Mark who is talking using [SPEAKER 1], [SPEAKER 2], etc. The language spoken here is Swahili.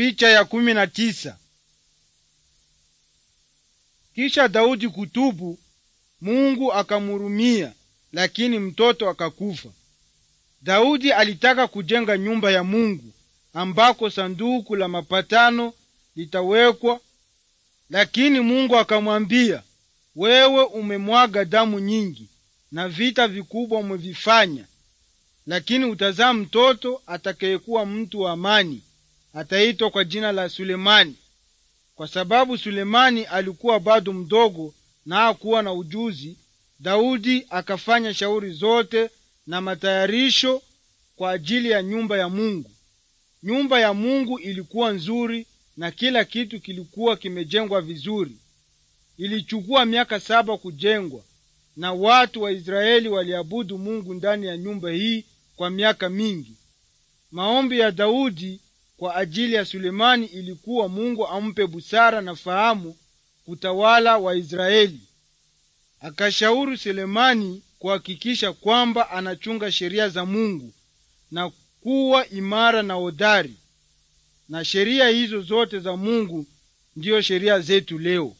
[SPEAKER 1] Picha ya kumi na tisa. Kisha Daudi kutubu, Mungu akamurumia, lakini mtoto akakufa. Daudi alitaka kujenga nyumba ya Mungu ambako sanduku la mapatano litawekwa, lakini Mungu akamwambia, wewe umemwaga damu nyingi na vita vikubwa umevifanya, lakini utazaa mtoto atakayekuwa mtu wa amani ataitwa kwa jina la Sulemani, kwa sababu Sulemani alikuwa bado mdogo na hakuwa na ujuzi. Daudi akafanya shauri zote na matayarisho kwa ajili ya nyumba ya Mungu. Nyumba ya Mungu ilikuwa nzuri na kila kitu kilikuwa kimejengwa vizuri. Ilichukua miaka saba kujengwa, na watu wa Israeli waliabudu Mungu ndani ya nyumba hii kwa miaka mingi. Maombi ya Daudi kwa ajili ya Sulemani ilikuwa Mungu ampe busara na fahamu kutawala waisraeli Akashauri Sulemani kuhakikisha kwamba anachunga sheria za Mungu na kuwa imara na hodari, na sheria hizo zote za Mungu ndiyo sheria zetu leo.